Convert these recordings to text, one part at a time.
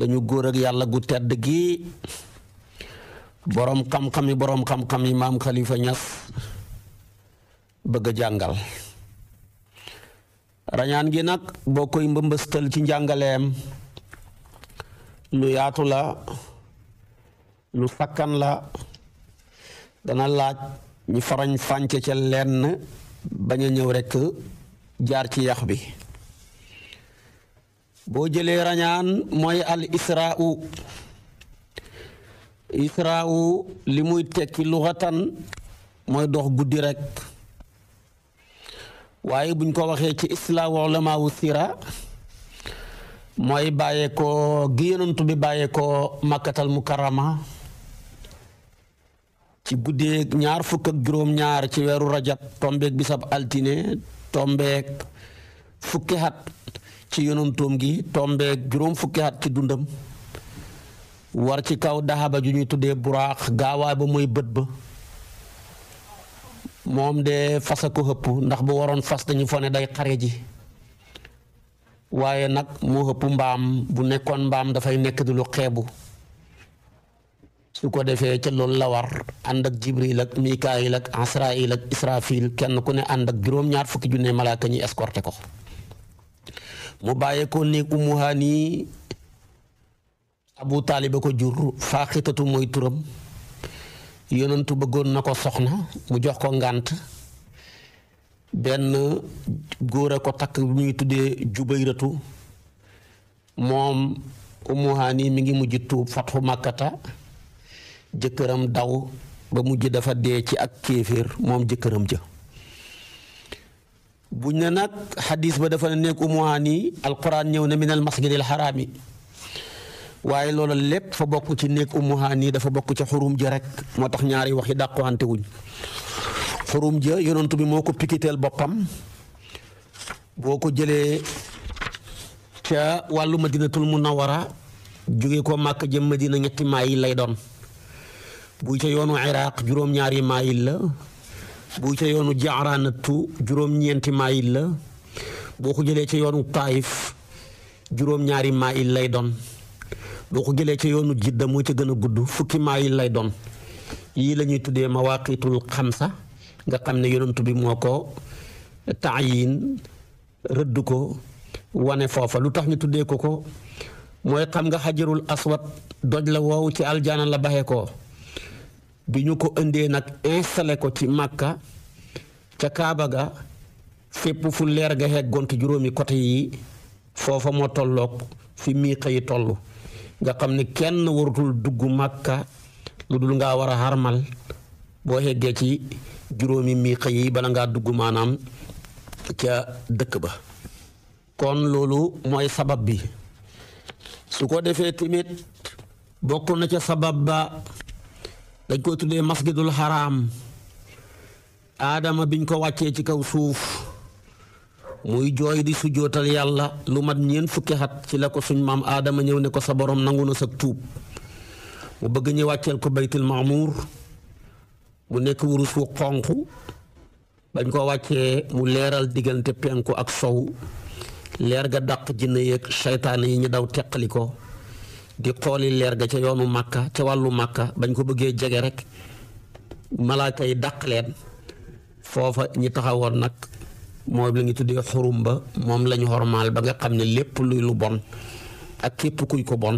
dañu góor ak yàlla gu tedd gi boroom xam-xam yi boroom xam-xam yi maam Khalifa ñas bëgg a jàngal rañaan gi nag boo koy mbëmbëstal ci njàngaleem lu yaatu la lu sakkan la dana laaj ñu farañ fànce ca lenn bañ a ñëw rekk jaar ci yax bi boo jëlee rañaan mooy al israa'u israa'u li muy tekki luxatan mooy dox guddi rekk waaye buñ ko waxee ci islaamu ulamaa wu sira mooy bàyyeekoo gi yonent bi bàyyeekoo makkatal mukarrama ci guddeeg ñaar fukk juróom-ñaar ci weeru rajab tombeeg bisab altine tombeeg fukki at ci yonantoom gi tombeek juróom fukki at ci dundam war ci kaw daxaba ju ñuy tuddee buraax gaawaay ba muy bët ba moom de fas a ko xëpp ndax bu waroon fas dañu fone day xare ji waaye nag moo xëpp mbaam bu nekkoon mbaam dafay nekk di lu xeebu su ko defee ca loolu la war ànd ak jibril ak mikaayil ak asraayil ak israfil kenn ku ne ànd ak juróom-ñaar fukki junne malaaka ñuy escorté ko mu bàyyeekoo néeg Ummu Haani Abu Taalib ko jur Faaxitatu mooy turam yonentu bëggoon na ko soxna mu jox ko ngant benn góor a ko takk bu ñuy tuddee Jubayratu moom Ummu Haani mi ngi mujj tuub fatxu Makkata jëkkëram daw ba mujj dafa dee ci ak kéeféer moom jëkkëram ja buñ ne nag xadis ba dafa nekk umuhaani alquran ñëw na minal masjidil xaraami waaye loola lépp fa bokk ci nekk umuhaani dafa bokk ci xurum ja rek moo tax ñaari wax yi dàqante wuñ xurum ja yonent moo ko pikiteel boppam boo ko jëlee ca wàllu madinatul munawara jóge ko màkk jëm madina ñetti maayil lay doon buy ca yoonu iraq juróom-ñaari maayil la bu ca yoonu jaaraanatu juróom-ñeenti maayil la boo ko jëlee ca yoonu taayif juróom-ñaari maayil lay doon boo ko jëlee ca yoonu jidda moo ca gën a gudd fukki maayil lay doon yii la ñuy tuddee xam xamsa nga xam ne yonent bi moo ko taayin rëdd ko wane foofa lu tax ñu tuddee ko ko mooy xam nga xajarul aswad doj la wow ci aljana la baxe ko bi ñu ko indee nag installé ko ci màkka ca kaaba ga fépp fu leer ga heggoon ci juróomi côté yi foofa moo tolloog fi mii yi toll nga xam ne kenn waratul dugg màkka lu dul ngaa war a xarmal boo heggee ci juróomi miiqa yi bala ngaa dugg maanaam ca dëkk ba kon loolu mooy sabab bi su ko defee tamit bokk na ca sabab ba dañ koy tuddee masjidul haram aadama biñ ko wàccee ci kaw suuf muy jooy di sujootal yàlla lu mat ñeent fukki xat ci la ko suñ maam aadama ñëw ne ko sa boroom nangu na sag tuub mu bëgg ñu wàcceel ko baytul maamuur mu nekk wurus wu xonq bañ ko wàccee mu leeral diggante penku ak sow leer ga daq jinne yeeg seytaane yi ñu daw teqali ko di xooli leer ga ca yoonu màkka ca wàllu màkka bañ ko bëggee jege rek malaaka yi dàq leen foofa ñi taxawoon nag moom la ñu tuddee xurum ba moom lañu ñu xormaal ba nga xam ne lépp luy lu bon ak képp kuy ko bon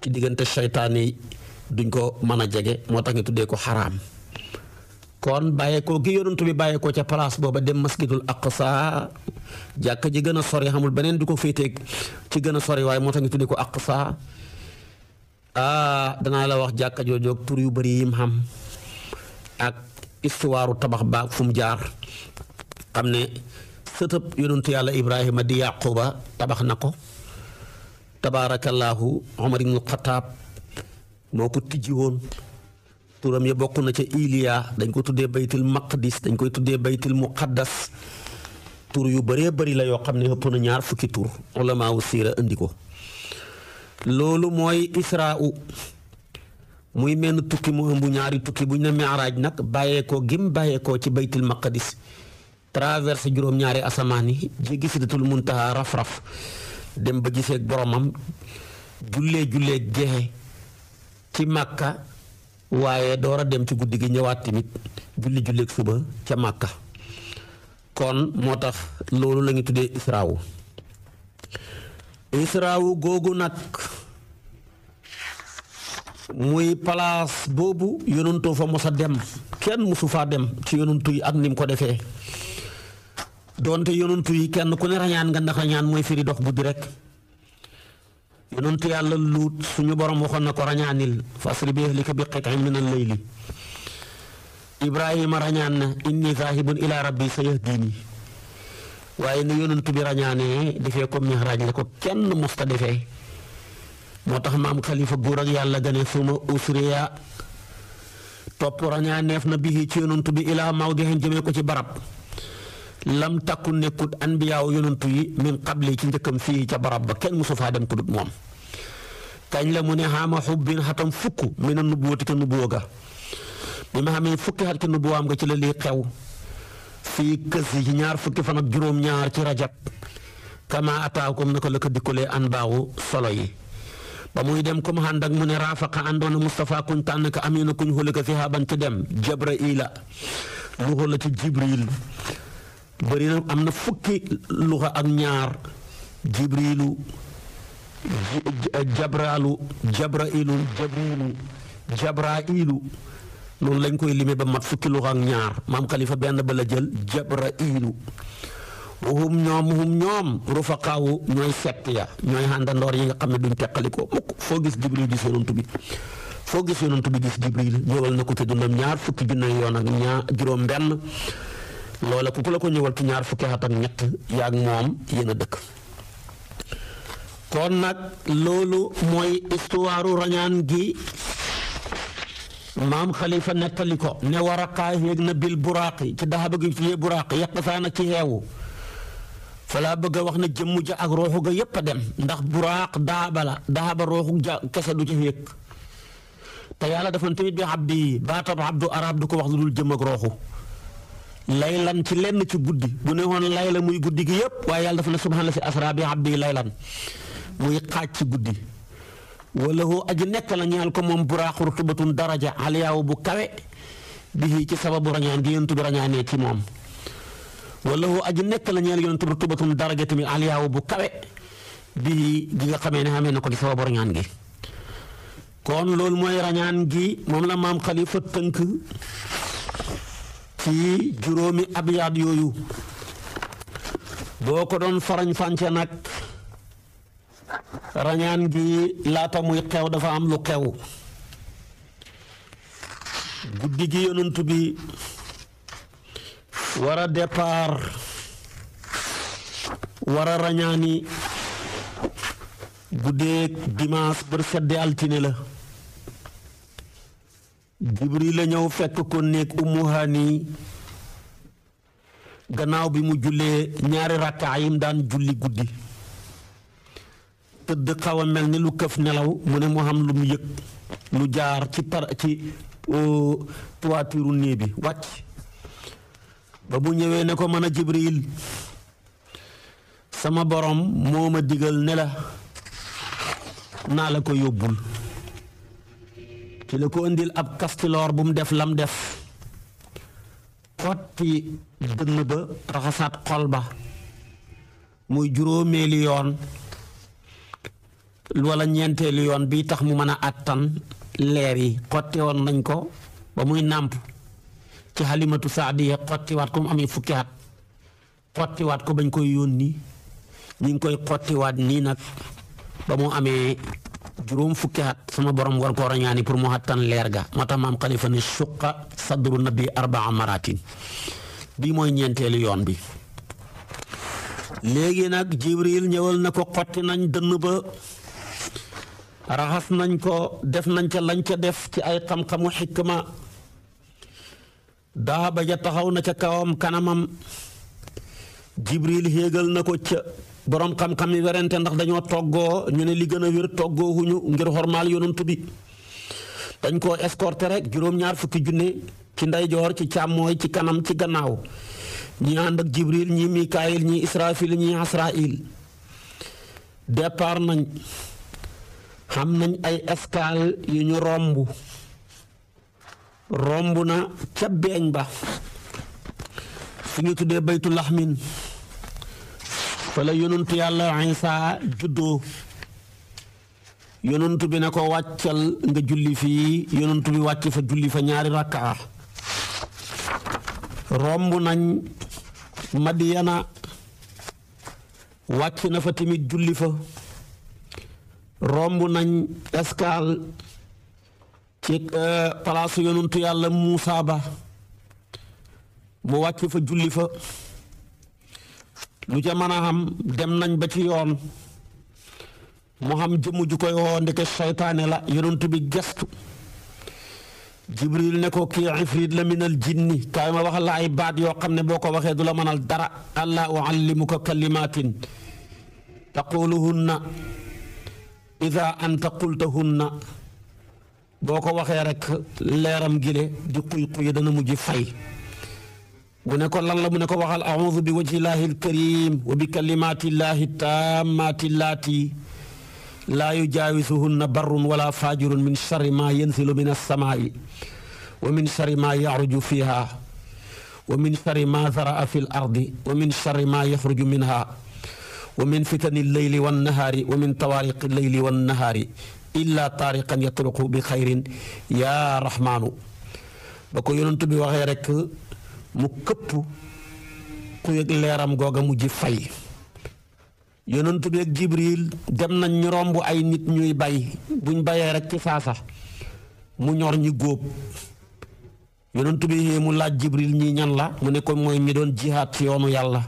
ci diggante seytaane yi duñ ko mën a jege moo tax ñu tuddee ko xaraam kon bàyyeekoo gi yonantu bi bàyyeekoo ca place booba dem masjidul aqsa jàkka ji gën a sori xamul beneen du ko féeteeg ci gën a sori waaye moo tax ñu tuddee ko aqsa ah danaa la wax jàkka joojoog tur yu bari yim xam ak istuwaaru tabax baag fu mu jaar xam ne sëtëb yonentu yàlla Ibrahima di Yaquba tabax na ko tabaarakallaahu Omar ibnu moo ko tijji woon turam yi bokk na ci Iliya dañ ko tuddee baytul maqdis dañ koy tuddee baytul muqaddas tur yu baree bari la yoo xam ne ëpp na ñaar fukki tur ulamaawu siira indi ko loolu mooy israa muy menn tukki mu ëmb ñaari tukki bu ñu ne miraaj nag bàyyeekoo gim bàyyeekoo ci baytul maqdis traversé juróom-ñaari asamaan yi jéggi sidratul muntaha rafraf dem ba gisee boromam jullee jullee jeexe ci màkka waaye door a dem ci guddi gi ñëwaat tamit julli julleeg suba ca màkka kon moo tax loolu la ñu tuddee israawu israawu googu nag muy palaas boobu yonantoo fa mos a dem kenn mosu faa dem ci yonantu yi ak ni ko defee doonte yonantu yi kenn ku ne rañaan nga ndax rañaan mooy firi dox guddi rek yonantu yàlla luut ñu borom waxoon na ko rañaanil fasri li ko bi qitin min al layli ibrahima rañaan na inni zahibun ila rabbi sayahdini waaye ni yonent bi rañaanee defee ko ñax la ko kenn mosta defee moo tax maam xalifa góor ak yàlla gane suma usriya topp rañaaneef na bi ci yonent bi ilaa maw di xeen jëmee ko ci barab lam takku nekkut anbiyaaw yonent yi min qabli ci njëkkam fii ca barab ba kenn mosu faa dem ku dut moom kañ la mu ne xaama xubbin xatam fukk mi na nubuwati ca nubuwa ga bi ma xamee fukki xat ca nubuwaam nga ci la lii xew fii kës yi ñaar fukki fan ak juróom-ñaar ci rajab kama ataakum naka la ko dikkulee an baawu solo yi ba muy dem comme ànd ak mu ne raafaqa àndoona Moustapha kuñ tànn ka amina kuñ xule ko sihaban ci dem jabraila luxa la ci am na fukki luxa ak ñaar noonu lañ koy limee ba mat fukki lu ak ñaar maam xalifa benn bala jël jabra iilu hum ñoom hum ñoom rufaqaawu ñooy sett ya ñooy àndandoor yi nga xam ne duñ teqalikoo mukk foo gis jibril gis yonantu bi foo gis yonantu bi gis jibril ñëwal na ko ci dundam ñaar fukki junne yoon ak ñaar juróom benn loola ku ku la ko ñëwal ci ñaar fukki at ak ñett yaag moom yéen a dëkk kon nag loolu mooy histoire rañaan gi maam xalifa nettali ko ne war a xaay yéeg na bil buraaqi ci daxa bëgg fi yee buraaq yàq saana ci xeewu falaa bëgg a wax na jëmm ja ak rooxu ga yépp a dem ndax buraaq daaba la daaba rooxu ja kese du ca yëg te yàlla dafa tamit bi abdi baatab abdu araab du ko wax lu dul jëm ak rooxu laylan ci lenn ci guddi bu ne woon layla muy guddi gi yépp waaye yàlla dafa ne subhaana la si asra bi abdi laylan muy xaaj ci guddi wala hoo aji nekk la ñaal ko moom buraax rutubatun daraja aliyaaw bu kawe bi ci sababu rañaan gi yonent bi rañaanee ci moom wala hoo aji nekk la ñaal yonent bi rutubatun daraja tamit bu kawe bi gi nga xamee ne xamee na ko ci sababu rañaan gi kon loolu mooy rañaan gi moom la maam xalifa tënk ci juróomi abiyaat yooyu boo ko doon farañ fànce nag rañaan gi laata muy xew dafa am lu xew guddi gi yonent bi war a départ war a dimaas ba dimanche bër altine la jibril la ñëw fekk ko néeg ummu haani gannaaw bi mu jullee ñaari rakkaa yim daan julli guddi tëdd xaw mel ni lu këf nelaw mu ne mu xam lu mu yëg lu jaar ci par ci toiture néeg bi wàcc ba mu ñëwee ne ko mën a jibril sama borom moo ma digal ne la naa la ko yóbbul ci la ko indil ab kastiloor bu mu def lam def xotti dënn ba raxasaat xol ba muy juróomeeli yoon wala ñeenteelu yoon bi tax mu man a àttan leer yi xotti woon nañ ko ba muy nàmp ci xalimatu saadiya xottiwaat ko mu amee fukki at xottiwaat ko bañ koy yónni ñu ngi koy xottiwaat nii nag ba mu amee juróom fukki at sama borom war koo rañaani pour mu àttan leer ga moo tax maam xalifa ne suqa sadru nabi arbaa maratin bii mooy ñeenteelu yoon bi léegi nag jibril ñëwal na ko xotti nañ dënn ba raxas nañ ko def nañ ca lañ ca def ci ay xam-xamu xikma daaba ja taxaw na ca kawam kanamam jibril héegal na ko ca boroom xam-xam yi werante ndax dañoo toggoo ñu ne li gën a wér toggoo huñu ngir xormaal yonent bi dañ koo escorté rek juróom-ñaar fukki junne ci ndeyjoor ci càmmooy ci kanam ci gannaaw ñi ànd ak jibril ñi mikaayil ñi israfil ñi asrail départ nañ xam nañ ay escale yu ñu romb romb na ca beeñ ba fu ñu tuddee baytu laxmin fa la yonantu yàlla Isa juddoo yonantu bi ne ko wàccal nga julli fii yonontu bi wàcc fa julli fa ñaari rakkaa romb nañ yana wàcc na fa tamit julli fa romb nañ escale ci euh, palaasu yonentu yàlla Muusaa ba mu wàcc fa julli fa lu ca xam dem nañ ba ci yoon mu xam jëmm ju koy woo ndeke seytaane la yonentu bi gestu jibril ne ko kii ifrit la minal jinni kaay ma wax la ay baat yoo xam ne boo ko waxee du la mënal dara allah uallimuka kalimatin taquluhunna ida anta qultahunna boo ko waxee rek leeram gile di xuy-xuy dana mujj fay bu ne ko lan la mu ne ko waxal audu bi wajhillahi alkarim wa bi kalimatillahi tammati llaati laa yujaawisuhunna barrun wala fajirun min charri ma yanzilu min alsamaai wa min charri ma yaruju fiha wa min charri ma zaraa fi l ardi wa min charri ma yaxruju minha wa min fitani leyli wan nahaari wa min tawaariqi leyli wan nahaari illaa taariqan yatruqu bi xayrin yaa raxmaanu ba ko yonent bi waxee rekk mu këpp ku yëg leeram googa mujj fay yonent bi ak jibril dem nañ ñu romb ay nit ñuy bay buñ bayee rekk ci saasa mu ñor ñi góob yonent bi mu laaj jibril ñi ñan la mu ne ko mooy ñi doon jihaat ci yoonu yàlla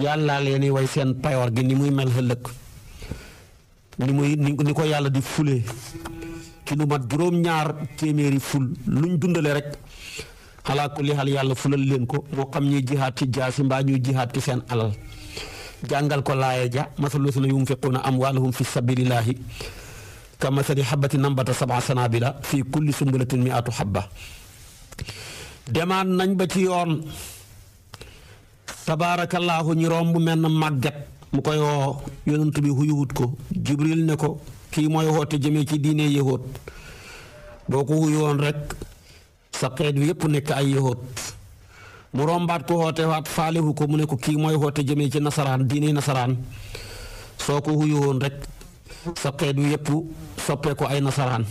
yàlla leen i way seen payoor gi ni muy mel ëllëg ni muy ni ko yàlla di fule ci lu mat juróom-ñaar téeméeri ful luñ dundale rek xalaa ku lixal yàlla fulal leen ko moo xam ñuy jihaat ci jaasi mbaa ñuy jihaat ci seen alal jàngal ko laaya ja masalu lasina yunfiquuna amwaalahum fi sabilillahi ka masali xabatin nambata sab'a sanabila fi kulli sumbulatin mi'atu xabba demaat nañ ba ci yoon tabaarakallaahu ñi romb menn màggat mu koy woo yonent bi huyuwut ko jibril ne ko kii mooy woote jëmee ci diine yëhoot boo ko huyoon rek sa xeet wi yëpp nekk ay yëhoot mu rombaat ko mu ne ko kii mooy woote jëmee ci nasaraan diine nasaraan soo ko huyoon rek sa xeet wi yëpp soppee ko ay nasaraan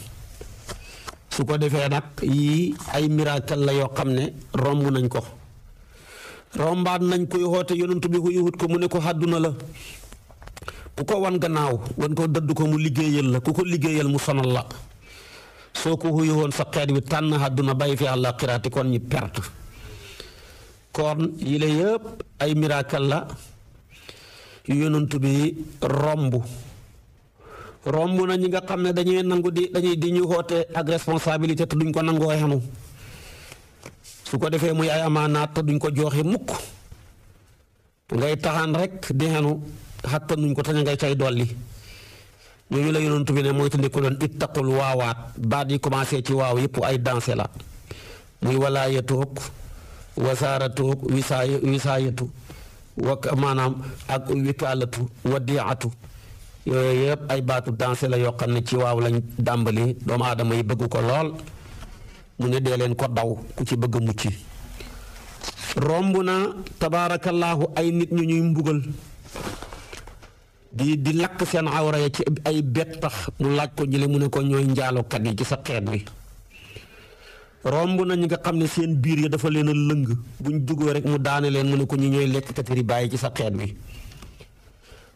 su ko defee nag yii ay miracle la yoo xam ne romb nañ ko rombaat nañ koy xoote yonantu bi ko yëwut ko mu ne ko àdduna la ku ko wan gannaaw wan ko dëdd ko mu liggéeyal la ku ko liggéeyal mu sonal la soo ko xuyu woon sa xeet wi tànn àdduna bàyyi fi àlla xiraati kon ñi perte kon yi la yëpp ay miracle la yonantu bi romb romb na ñi nga xam ne dañuy nangu di dañuy di ñu xoote ak responsabilité te duñ ko nangoo xenu su ko defee muy ay amaanaat te duñ ko joxe mukk ngay taxaan rek di xenu xattan nuñ ko tañ ngay cay dolli ñooñu la yonent bi ne mooy te ko doon waawaat baat yi commencé ci waaw yëpp ay dansé la muy walaayatuuk wasaaratuuk wisaay wisaayatu wa maanaam ak wikaalatu wadiatu yooyu yëpp ay baatu dance la yoo xam ne ci waaw lañ dàmbali doomu aadama yi bëgg ko lool mu ne dee leen ko daw ku ci bëgg a mucc romb na tabaarakallaahu ay nit ñu ñuy mbugal di di lakk seen awra ya ci ay bettax mu laaj ko jële mu ne ko ñooy njaalokat yi ci sa xeet bi romb na ñi nga xam ne seen biir ya dafa leen a buñ duggoo rek mu daane leen mu ne ko ñu ñooy lekk katari bàyyi ci sa xeet bi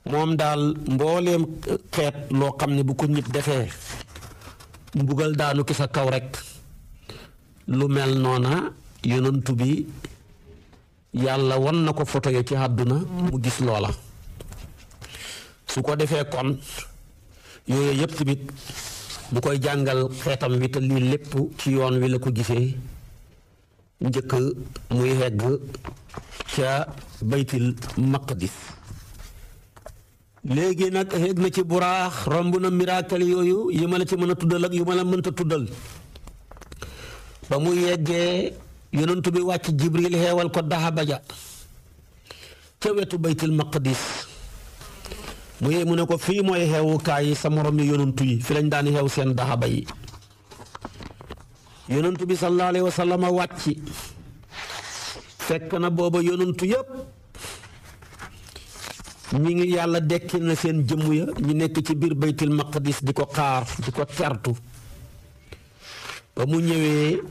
moom daal mbooleem xeet loo xam ne bu ko nit defee mbugal daanu ki sa kaw rek lu mel noona yonantu bi yàlla won na ko photo ya ci àdduna mu gis loola su ko defee kon yooyu yëpp tamit mu koy jàngal xeetam wi te lii lépp ci yoon wi la ko gisee njëkk muy hegg ca baytil maqdis léegi nag hegg na ci buraax romb na miracle yooyu yi ma la ci mën a tuddal ak yu ma la mënta tuddal ba mu yeggee yonent bi wàcc jibril xeewal ko daxaba ja ca wetu baytul maqdis mu yee mu ne ko fii mooy xeewukaay yi sa morom yi yonent yi fi lañ daan xeew seen daxaba yi yonent bi sallallahu alayhi wa sallam wàcc fekk na booba yonent yépp ñi ngi yàlla dekki na seen jëmm ya ñu nekk ci biir baytul maqdis di ko xaar di ko tertu ba mu ñëwee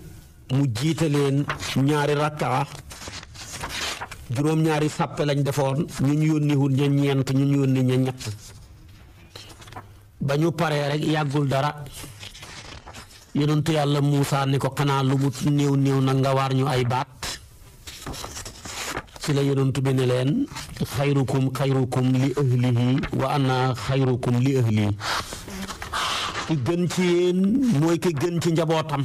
mu jiite leen ñaari rakkaa juróom-ñaari sàppe lañ defoon ñu ñu yónni wul ña ñeent ñu ñu yónni ña ñett ba ñu paree rek yàggul dara yonentu yàlla Muusaa ni ko xanaa lu néew néew nag nga waar ñu ay baat ci la yonentu bi ne leen xayrukum xayrukum li ahlihi wa ana xayrukum li ahli ki gën ci yéen mooy ki gën ci njabootam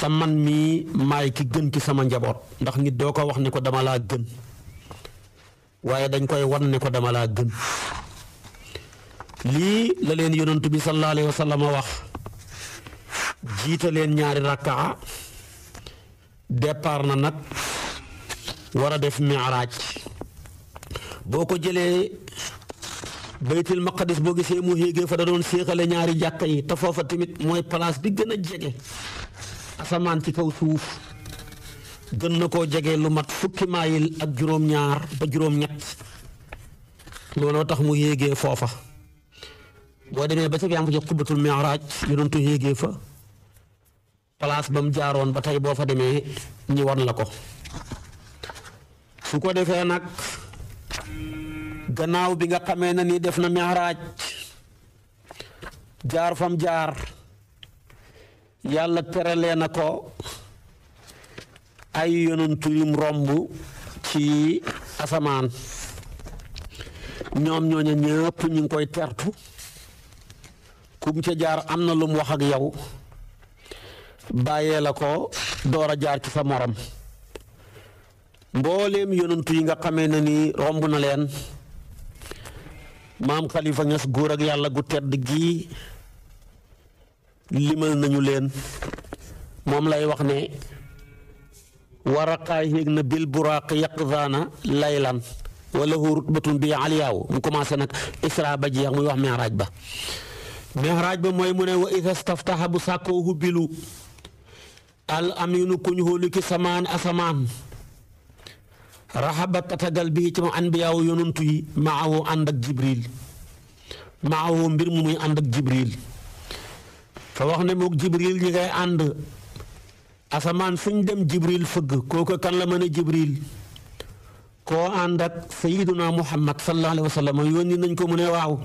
sa man mii maay ki gën ci sama njaboot ndax nit doo ko wax ne ko dama laa gën waaye dañ koy wan ne ko dama laa gën lii la leen yonent bi sallallahu alayhi wa sallam wax jiite leen ñaari rakkaa départ na nag war a def mi'raaj boo ko jëlee baytul maqadis boo gisee mu héegee fa da doon séexale ñaari jàkka yi te foofa tamit mooy place bi gën a jege asamaan ci kaw suuf gën na koo jege lu mat fukki maayil ak juróom-ñaar ba juróom-ñett looloo tax mu yéegee foofa boo demee ba ca yaa ngi ko jox xubbatul mi'raaj yonentu yéegee fa place bam mu jaaroon ba tey boo fa demee ñi wan la ko su ko defee nag gannaaw bi nga xamee na ni def na mihraaj jaar fam jaar yàlla teralee na ko ay yonantu yum romb ci asamaan ñoom ñooña ñëpp ñu ngi koy tertu kum ca jaar am na lu wax ak yow bàyyee la ko door a jaar ci sa morom mbooleem yonantu yi nga xamee na ni romb na leen maam Khalifa Niass góor ak yàlla gu tedd gii limal nañu leen moom lay wax ne waraqaay yéeg na bil buraaq yaqzaana laylan wala rutbatun bi aliyaaw mu commencé nag isra ba jeex muy wax miraaj ba miraaj ba mooy mu ne wa ida staftaha bu sàkkoo hubbilu al aminu kuñ hóolu ki samaan asamaan raxaba tatagal bii ci ma anbiyaawu yonantu yi maawu ànd ak jibril maawu mbir mu muy ànd ak jibril fa wax ne moog jibril ñi ngay ànd asamaan fuñ dem jibril fëgg kooku kan la mën a jibril koo ànd ak sayiduna muhammad sallallahu alayhi wa sallam yónni nañ koo mu ne waaw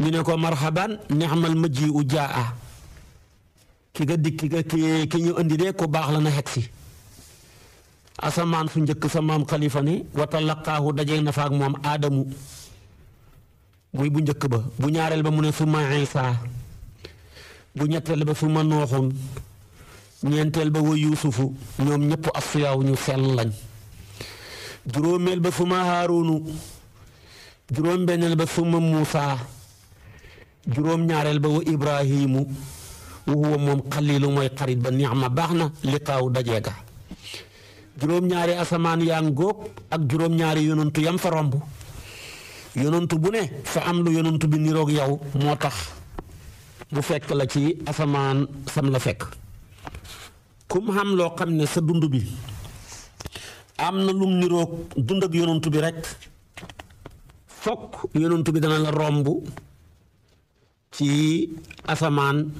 ñu ne ko marhaban nixmal ma ji u jaa ki ga dikk ki ñu indi de ku baax la na xegsi asamaan su njëkk sa maam xalifa ni watalaqaahu daje na faak moom aadamu muy bu njëkk ba bu ñaareel ba mu ne suma Iisaa bu ñetteel ba suma nooxun ñeenteel ba wa yuusufu ñoom ñëpp asfiyaaw ñu sell lañ juróomeel ba suma haarunu juróom benneel ba suma muusaa juróom ñaareel ba wa ibrahimu wa moom xaliilu mooy xarit ba neex ma baax na liqaaw dajeega juróom-ñaari asamaan yaa ak juróom-ñaari yonantu yam fa romb yonantu bu ne sa am lu yonantu bi niroog yow moo tax mu fekk la ci asamaan sam la fekk kum xam loo xam ne sa dund bi am na lum niroog dund ak yonantu bi rek fokk yonantu bi dana la romb ci asamaan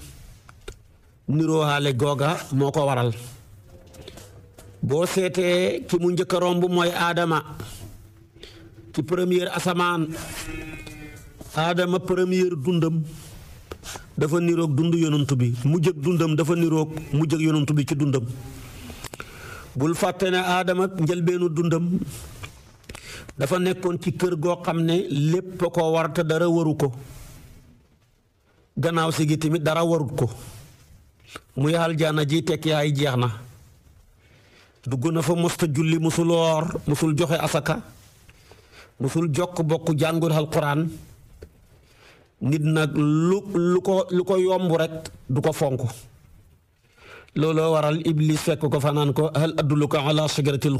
niroohaale googa moo ko waral boo seetee ki mu njëkk a romb mooy Adama ci première asamaan Adama première dundam dafa niroog dund yonantu bi mu jëg dundam dafa niroog mu jëg yonantu bi ci dundam bul fàtte ne Adama njëlbeenu dundam dafa nekkoon ci kër goo xam ne lépp a ko war dara waru ko gannaaw si gi dara warut ko muy aljaana ji tekki ay jeex na dugg na fa mosta julli musul woor musul joxe asaka musul jokk bokk jàngul alquran nit nag lu lu ko lu ko yomb rekk du ko fonk looloo waral iblis fekk ko fanaan ko hal adulluka ala sigratil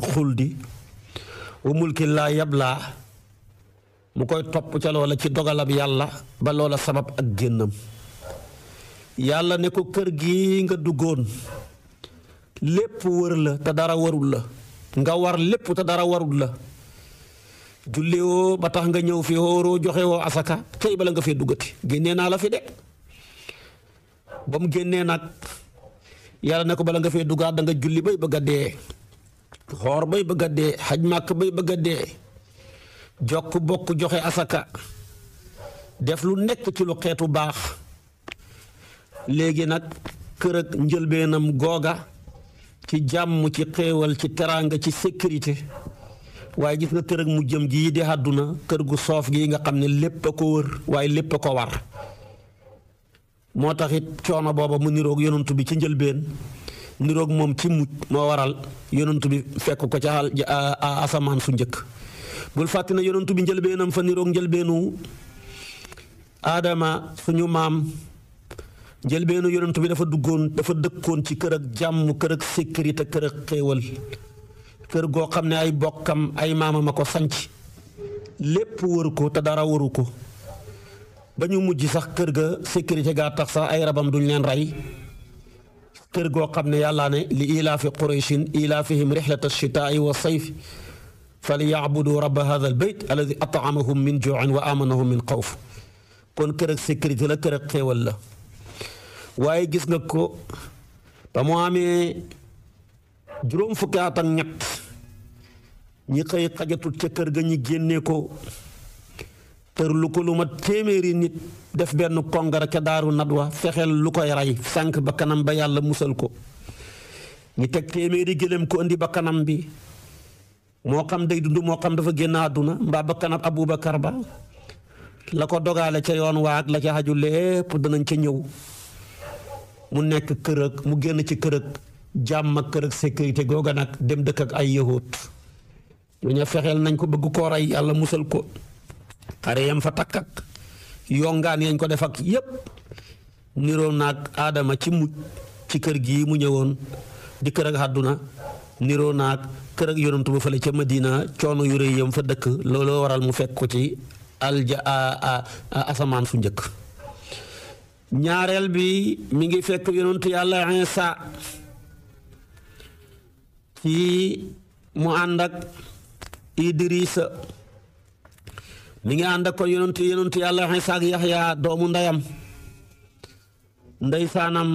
mu koy topp ca ci dogalab yàlla ba loola sabab ak génnam yàlla ne ko kër gi nga duggoon lépp wër la te dara warul la nga war lépp te dara warul la julliwoo ba tax nga ñëw fi wóoroo joxe woo asaka tey bala nga fee duggati génnee naa la fi de ba mu génnee nag yàlla ne ko bala nga fee duggaat da nga julli bay bëgg a dee xoor bay bëgg a dee xaj màkk bay bëgg a dee jokk bokk joxe asaka def lu nekk ci lu xeetu baax léegi nag kër ak njëlbeenam googa ci jàmm ci xéewal ci teraanga ci sécurité waaye gis nga kër ak mu jëm ji di àdduna kër gu soof gi nga xam ne lépp a ko wër waaye lépp a ko war moo tax it coono booba mu niroog yonantu bi ci njëlbeen niroog moom ci mujj moo waral yonantu bi fekk ko ca asamaan su njëkk bul fàtti na yonantu bi njëlbeenam fa niroog njëlbeenu aadama suñu maam njëlbeenu yonent bi dafa duggoon dafa dëkkoon ci kër jàmm kër ak sécurité kër kër goo xam ne ay bokkam ay maamam ako sanc lépp waru ko te dara waru ko ba ñu mujj sax kër ga sécurité gaa tax sax ay rabam duñ leen rey kër goo xam ne yàllaa ne li ilaafi qurayshin ilaafihim rixlata alchitaai wa sayf falyacbudu rabba hada al beyt alladi atamahum min juuin wa amanahum min xawf kon kër ak sécurité la kër ak la waaye gis nga ko ba mu amee juróom fukki ñett ñi xëy xajatul ca kër ga ñi génnee ko tër lu ko lu ma téeméeri nit def benn kongara ca daaru wa fexeel lu koy rey sànq ba kanam ba yàlla musal ko ñi teg téeméeri gëléem ko indi ba kanam bi moo xam day dund moo xam dafa génn àdduna mbaa ba kanam abubakar ba la ko dogale ca yoon waa ak la ca xaju lépp danañ ca ñëw mu nekk kër ak mu génn ci kër ak jàmm kër ak sécurité googa nag dem dëkk ak ay yahut ña fexeel nañ ko bëgg koo rey yàlla musal ko xare yam fa takk ak yongaan yañ ko def ak yépp niroo naag aadama ci mujj ci kër gi mu ñëwoon di kër ak àdduna niroo naag kër ak yonantu ba fële ca Madina coono yu yam fa dëkk looloo waral mu fekk ko ci alja asamaan su njëkk ñaareel bi mu ngi fekk yonentu yàlla Iisaa ci mu ànd ak Idrisa mi ngi ànd ak ko yonentu yonentu yàlla ak Yaxya doomu ndeyam ndeysaanam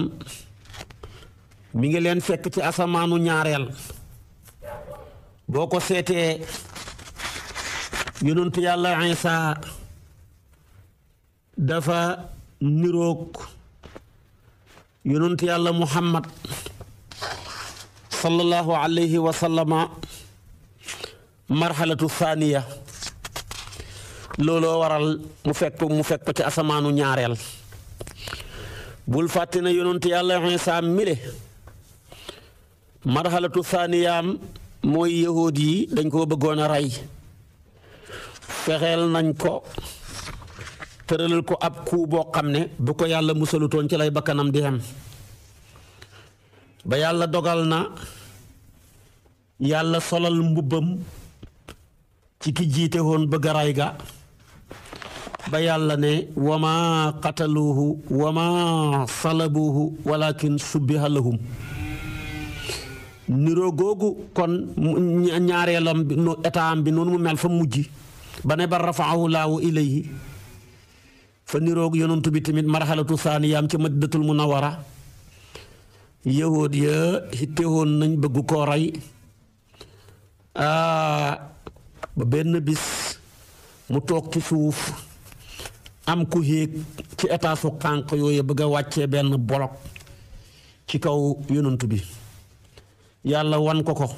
mu ngi leen fekk ci asamaanu ñaareel boo ko seetee yonentu yàlla Iisaa dafa niroog yonent yàlla muhammad sallallahu alayhi wa sallama marxalatu saaniya looloo waral mu fekk mu fekk ci asamaanu ñaareel bul fàtte ne yonent mile marxalatu saaniyaam mooy yahuud yi dañ koo bëggoon a rey fexeel nañ ko tëralal ko ab kuu boo xam ne bu ko yàlla musalutoon ci lay bakkanam di xem ba yàlla dogal na yàlla solal mbubbam ci ki jiite woon bëgg a ray ga ba yàlla ne wama qataluuhu wama salabuuhu walakin subbiha lahum niroo googu kon ñaareelam bi nu état noonu mu mel fa mujj ba ne ba rafaahu laahu ilayhi fa niroog yonantu bi tamit marxalatu saaniyaam ca madinatul munawara yahood ya xittewoon nañ bëgg koo rey ba benn bis mu toog ci suuf am ku héeg ci état su yooyu bëgg a wàccee benn bolok ci kaw yonantu bi yàlla wan ko ko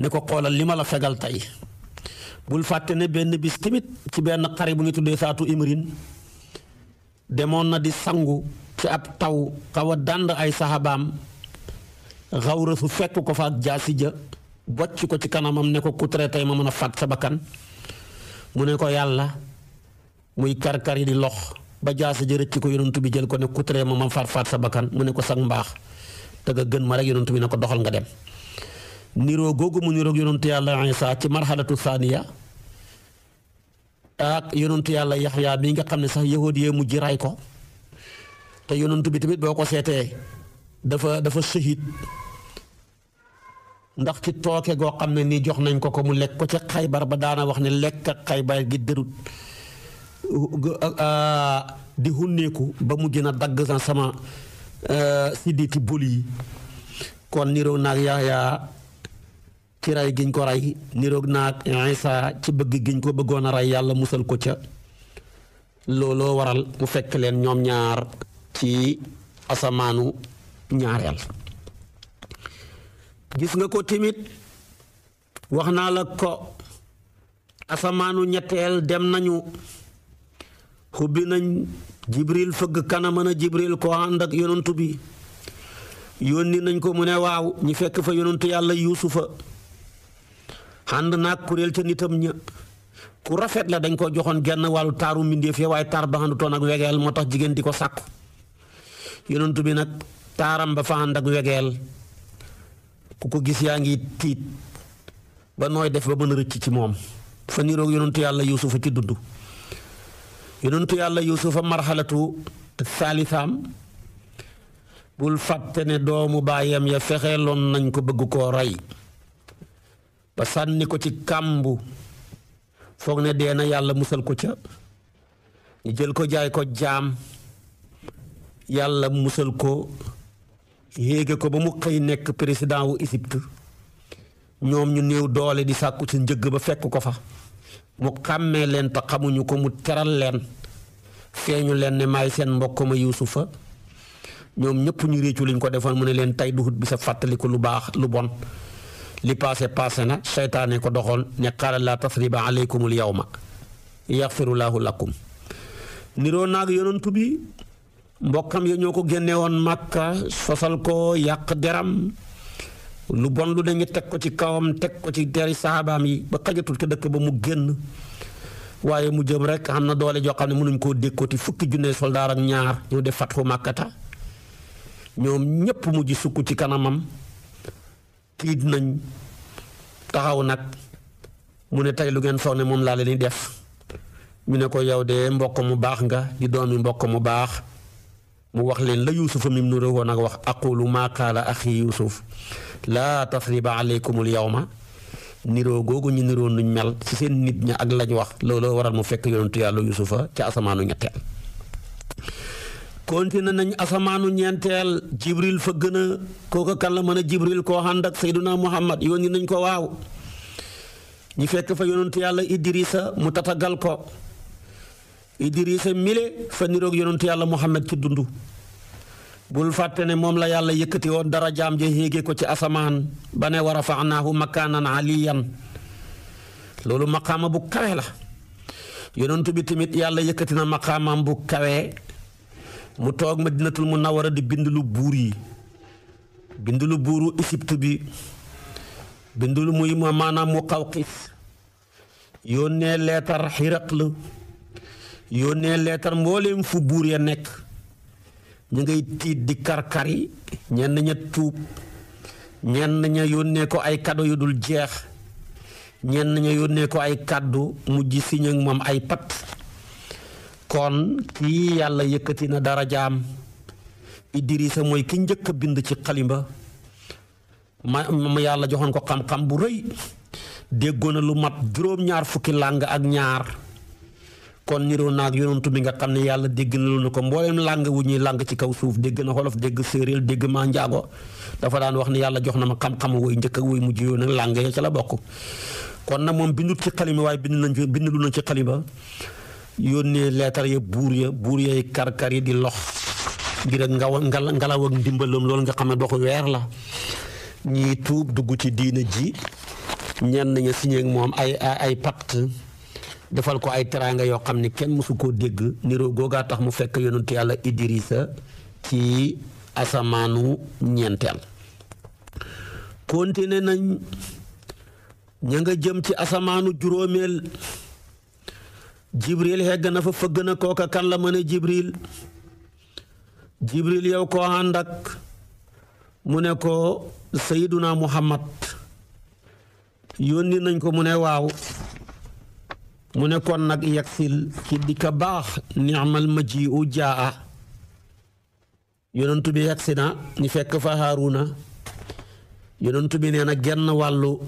ne ko xoolal li ma la fegal tey bul fàtte ne benn bis tamit ci benn xare bu ngi tuddee saatu imrin demoon na di sangu ci ab taw xaw dànd ay saxaabaam xawra su fekk ko fa ak jaasi ja bocc ko ci kanamam ne ko ku tere tey ma mën a faat sa bakkan mu ne ko yàlla muy karkar yi di lox ba jaasi ja rëcc ko bi jël ko ne ku tere ma ma faat sa bakkan mu ne ko sag mbaax te nga gën ma rek yonent bi ne ko doxal nga dem niroo googu mu niroog yonentu yàlla saa ci marxalatu saaniya ak yonentu yàlla Yaxya bi nga xam ne sax yahuud yee mujj ray ko te yonentu bi tamit boo ko seetee dafa dafa shahid ndax ci tooke goo xam ne nii jox nañ ko ko mu lekk ko ci xaybar ba daana wax ne lekk ak xaybar gi dërut di hunneeku ba mu gën a dagg sama euh, siddi ci yi kon niroo naag Yaxya ci rey giñ ko rey niroog naag Isa ci bëgg giñ ko bëggoon a rey yàlla musal ko ca looloo waral mu fekk leen ñoom ñaar ci asamaanu ñaareel gis nga ko timit wax naa la ko asamaanu ñetteel dem nañu xubbi nañ jibril fëgg kanama a jibril koo ànd ak yonantu bi yónni nañ ko mu ne waaw ñi fekk fa yonantu yàlla yuusufa ànd naag kuréel ca nitam ña ku rafet la dañ koo joxoon genn wàllu taaru mbindéef ya waaye taar ba àndutoon ak wegeel moo tax jigéen di ko sàkku yonent bi nag taaram ba fa ànd ak wegeel ku ko gis yaa ngi tiit ba nooy def ba mën a rëcc ci moom fa niroog yonentu yàlla yuusufa ci dudd yonentu yàlla yuusufa marxalatu saalisaam bul fàtte ne doomu baayam ya loon nañ ko bëgg koo rey ba sànni ko ci kàmbu foog ne dee na yàlla musal ko ca ñu jël ko jaay ko jaam yàlla musal ko yéege ko ba mu xëy nekk président wu Égypte ñoom ñu néew doole di sàkku ci njëg ba fekk ko fa mu xàmmee leen te xamuñu ko mu teral leen feeñu leen ne maay seen mbokk ma Yuusufa ñoom ñëpp ñu réccu liñ ko defoon mu ne leen tey duhut bi sa fàttaliku lu baax lu bon li passé passé na seytaane ko doxoon ne qaala laa tasriba aleykumul yawma yaxfirulaahu lakum niroo naag yonantu bi mbokkam yi ñoo ko génne woon màkka sosal ko yàq deram lu bon lu dañu teg ko ci kawam teg ko ci deri saabaam yi ba xajatul te dëkk ba mu génn waaye mu jëm rek am na doole joo xam ne mënuñ koo dékkoti fukki junne soldaar ak ñaar ñu def fatxu màkkata ñoom ñépp mujj sukk ci kanamam tiit nañ taxaw nag mu ne tey lu ngeen foog ne moom laa leen di def ñu ne ko yow de mbokk mu baax nga di doomi mbokk mu baax mu wax leen la yuusufa mim nu réwoon ak wax aqulu maa qaala axi yuusuf laa tasriba aleykumul yawma niroo googu ñu niroo nuñ mel ci seen nit ña ak lañ wax looloo waral mu fekk yoon yonentu yàlla yuusufa ca asamaanu ñetteel continué nañ asamaanu ñeenteel jibril fa gën a kooka kan la mën a jibril koo ànd ak sayduna muhammad yónni nañ ko waaw ñu fekk fa yonentu yàlla idrisa mu tatagal ko idrisa mile fa niroog yonentu yàlla muhammad ci dund bul fàtte ne moom la yàlla yëkkati woon dara jaam ja yéege ko ci asamaan ba ne war a faxnaahu makaanan aliyan loolu maqaama bu kawe la yonentu bi tamit yàlla yëkkati na maqaamam bu kawe mu toog ma dinatul madinatul a di bind lu buur yi bind lu buuru Égypte bi bind lu muy ma maanaam mu xawqis yónnee leetar la yónnee leetar mbooleem fu buur ya nekk ñu ngay tiit di karkar yi ñenn ña tuub ñenn ña yónnee ko ay kado yu dul jeex ñenn ña yónnee ko ay kàddu mujj siñ ak moom ay pat kon kii yàlla yëkkati na dara jaam Idrissa mooy ki njëkk bind ci xalimba ma ma yàlla joxoon ko xam-xam bu rëy déggoon na lu mat juróom-ñaar fukki làng ak ñaar kon niroo naag yonantu bi nga xam ne yàlla dégg na lu na ko mbooleem làng wu ñuy làng ci kaw suuf dégg na xolof dégg séeréer dégg maa njaago dafa daan wax ne yàlla jox na ma xam-xam woy njëkk ak woy mujj yoon nag làng ya ca la bokk kon nag moom bindut ci xalima waaye bind nañ bind lu nañ ci xalima yónnee leetar ya buur ya buur yay karkar yi di lox ngir ak ngelaw ak ndimbalam loolu nga xam ne doxu weer la ñii tuub dugg ci diina ji ñenn ña signé moom ay ay patt defal ko ay teraanga yoo xam ne kenn mësu koo dégg niroo googaa tax mu fekk yonent yàlla Idrissa ci asamaanu ñeenteel continué nañ ña nga jëm ci asamaanu juróomeel jibril xegg na fa fëgg na kooka kan la mën a jibril jibril yow koo ànd mu ne ko sayiduna muhammad yónni nañ ko mu ne waaw mu ne kon nag yegsil ki di ka baax ni'mal maji u jaa yonentu bi yegsi na ñu fekk fa haaruna yonentu bi nee na genn wàllu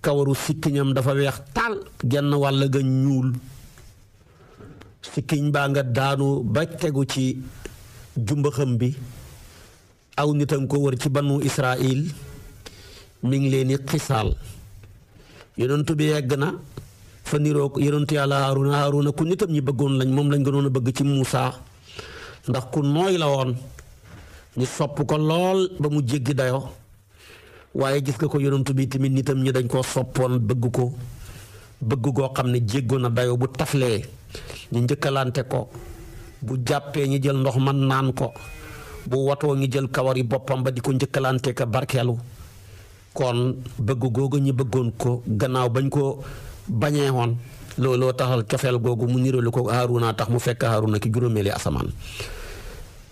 kawaru sikkiñam dafa weex taal genn wàll ga ñuul sikkiñ baa nga daanu ba tegu ci jumbaxam bi aw nitam ko wër ci banu Israil mi ngi leen di xisaal yonentu bi yegg na fa niroog yonentu yàlla Haaruna Haaruna ku nitam ñi bëggoon lañ moom lañ gënoon a bëgg ci Muusa ndax ku nooy la woon ñu sopp ko lool ba mu jéggi dayo waaye gis nga ko yonentu bi tamit nitam ñi dañ koo soppoon bëgg ko bëgg goo xam ne jéggoon na dayo bu taflee ñu njëkkalante ko bu jàppee ñi jël ndox man naan ko bu watoo ñi jël kawari boppam ba di ko njëkkalante ka barkeelu kon bëgg googu ñi bëggoon ko gannaaw bañ ko bañee woon looloo taxal cofeel googu mu niralu ko Haaruna tax mu fekk Haaruna ki juróomeeli asamaan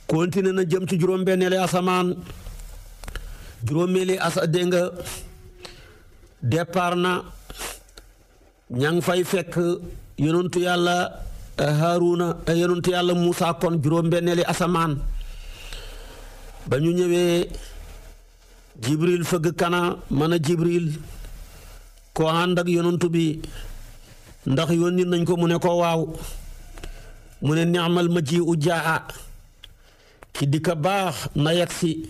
continué na jëm ci juróom-benneeli asamaan juróomeeli asa dégg nga na ña fay fekk yonentu yàlla Eh, Haaruna eh, yonent yàlla Moussa kon juróom-benneeli asamaan ba ñu ñëwee Jibril fëgg kanaa mën a Jibril ko ànd ak yonent bi ndax yoon yónni nañ ko mu ne ko waaw mu ne ni'mal ma ji u jaa ki di ka baax na yegsi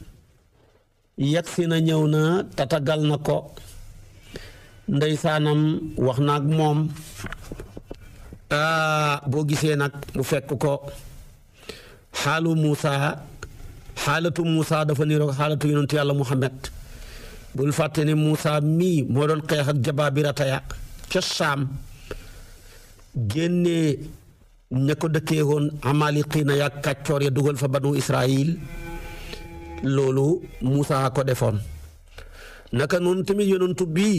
yegsi na ñëw na tatagal na ko ndeysaanam wax naag moom Ah, boo gisee nag mu fekk ko xaalu muusa xaalatu Moussa dafa niroog xaalatu yonentu yàlla Muhammad bul fàtte ne muusa mii moo doon xeex ak jabaabirata ya ca Saam génnee ña ko dëkkee woon amaliqiina ya kàccoor ya dugal fa banu Israil loolu Moussa ko defoon naka noonu tamit yonentu bii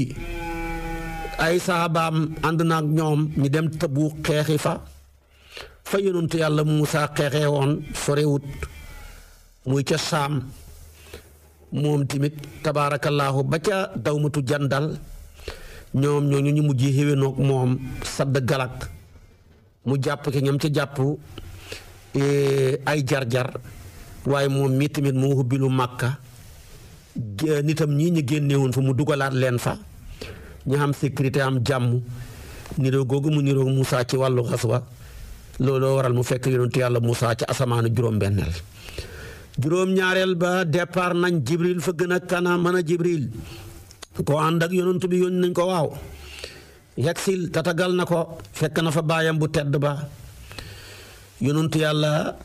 ay saabaam ànd naag ñoom ñu dem tëbu xeexi fa fa yonentu yàlla Muusaa xeexee woon sorewut muy ca saam moom tamit tabaarakallaahu ba ca dawmatu jandal ñoom ñooñu ñu mujj xéwénoog moom sadd galak mu jàpp ke ñam ca jàpp eh, ay jar-jar waaye moom mii tamit moo hubbilu màkka nitam ñii ñu génnewoon fa mu dugalaat leen fa ñu am sécurité am jàmm niroo googu mu niroo Moussa ci wàllu xaswa looloo waral mu fekk yonentu yàlla Moussa ci asamaanu juróom-benneel juróom-ñaareel ba départ nañ Jibril fa gën a kana mën a Jibril ko ànd ak yonent bi yónni nañ ko waaw yegsil tatagal na ko fekk na fa baayam bu tedd ba yonentu yàlla